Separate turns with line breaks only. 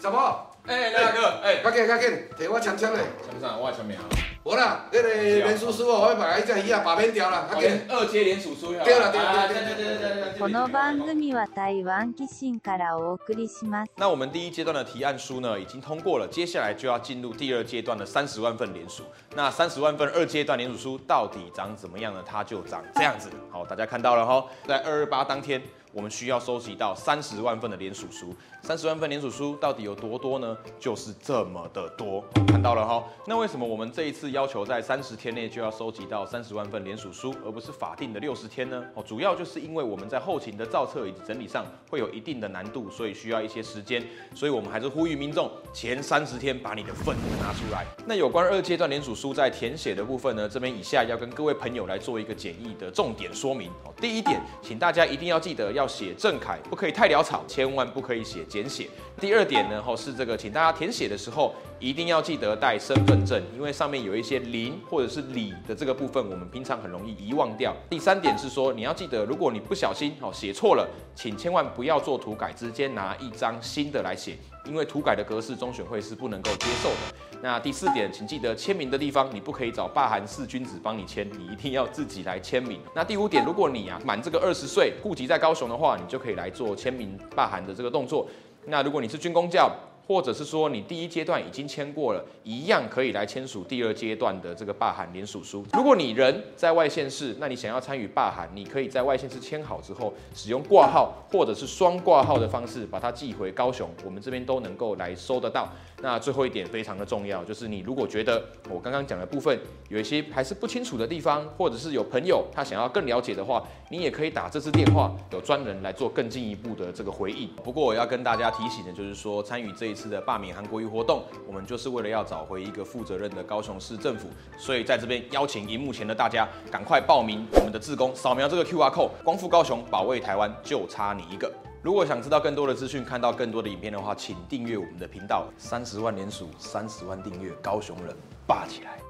什、欸、麼？哎，大哥哎，快點，快點，提我槍槍、呃啊、來。槍槍，我槍名。無啦，那個連署書哦，我要把一只一啊把面掉了，快點。二階段連署書。對了，對對對對對對對。那我們第一階段的提案書呢，已經通過了，接下來就要進入第二階段的三十萬份連署。那三十萬份二階段連署書到底長怎麼樣呢？它就長這樣子。好話話，大家看到了哈，在二二八當天。我們需要收集到三十萬份的連署書，三十萬份連署書到底有多多呢？就是這麼的多，看到了齁。那為什麼我們這一次要求在三十天內就要收集到三十萬份連署書，而不是法定的六十天呢？哦，主要就是因為我們在後勤的造冊以及整理上會有一定的難度，所以需要一些時間。所以我們還是呼籲民眾前三十天把你的份拿出來。那有關二階段連署書在填寫的部分呢，這邊以下要跟各位朋友來做一個簡易的重點說明。哦，第一點，請大家一定要記得要。要寫正楷，不可以太潦草，千萬不可以寫簡寫。第二點呢，是這個，請大家填寫的時候一定要記得帶身份證，因為上面有一些零或者是裡的這個部分，我們平常很容易遺忘掉。第三點是說，你要記得，如果你不小心哦寫錯了，請千萬不要做塗改，直接拿一張新的來寫。因為塗改的格式，中選會是不能夠接受的。那第四點，請記得簽名的地方，你不可以找罷韓四君子幫你簽，你一定要自己來簽名。那第五點，如果你啊滿這個二十歲，戶籍在高雄的話，你就可以來做簽名罷韓的這個動作。那如果你是軍公教，或者是說你第一階段已經簽過了，一樣可以來簽署第二階段的這個罷韓連署書。如果你人在外縣市，那你想要參與罷韓，你可以在外縣市簽好之後，使用掛號或者是雙掛號的方式把它寄回高雄，我們這邊都能夠來收得到。那最後一點非常的重要，就是你如果覺得我剛剛講的部分有一些還是不清楚的地方，或者是有朋友他想要更了解的話，你也可以打這支電話，有專人來做更進一步的這個回應。不過我要跟大家提醒的，就是說參與這一次。的罷免韓國瑜活動，我們就是為了要找回一個負責任的高雄市政府，所以在這邊邀請熒幕前的大家趕快報名我們的志工，掃描這個 QR Code，光復高雄，保衛台灣，就差你一個。如果想知道更多的資訊，看到更多的影片的話，請訂閱我們的頻道，三十萬連署，三十萬訂閱，高雄人霸起來。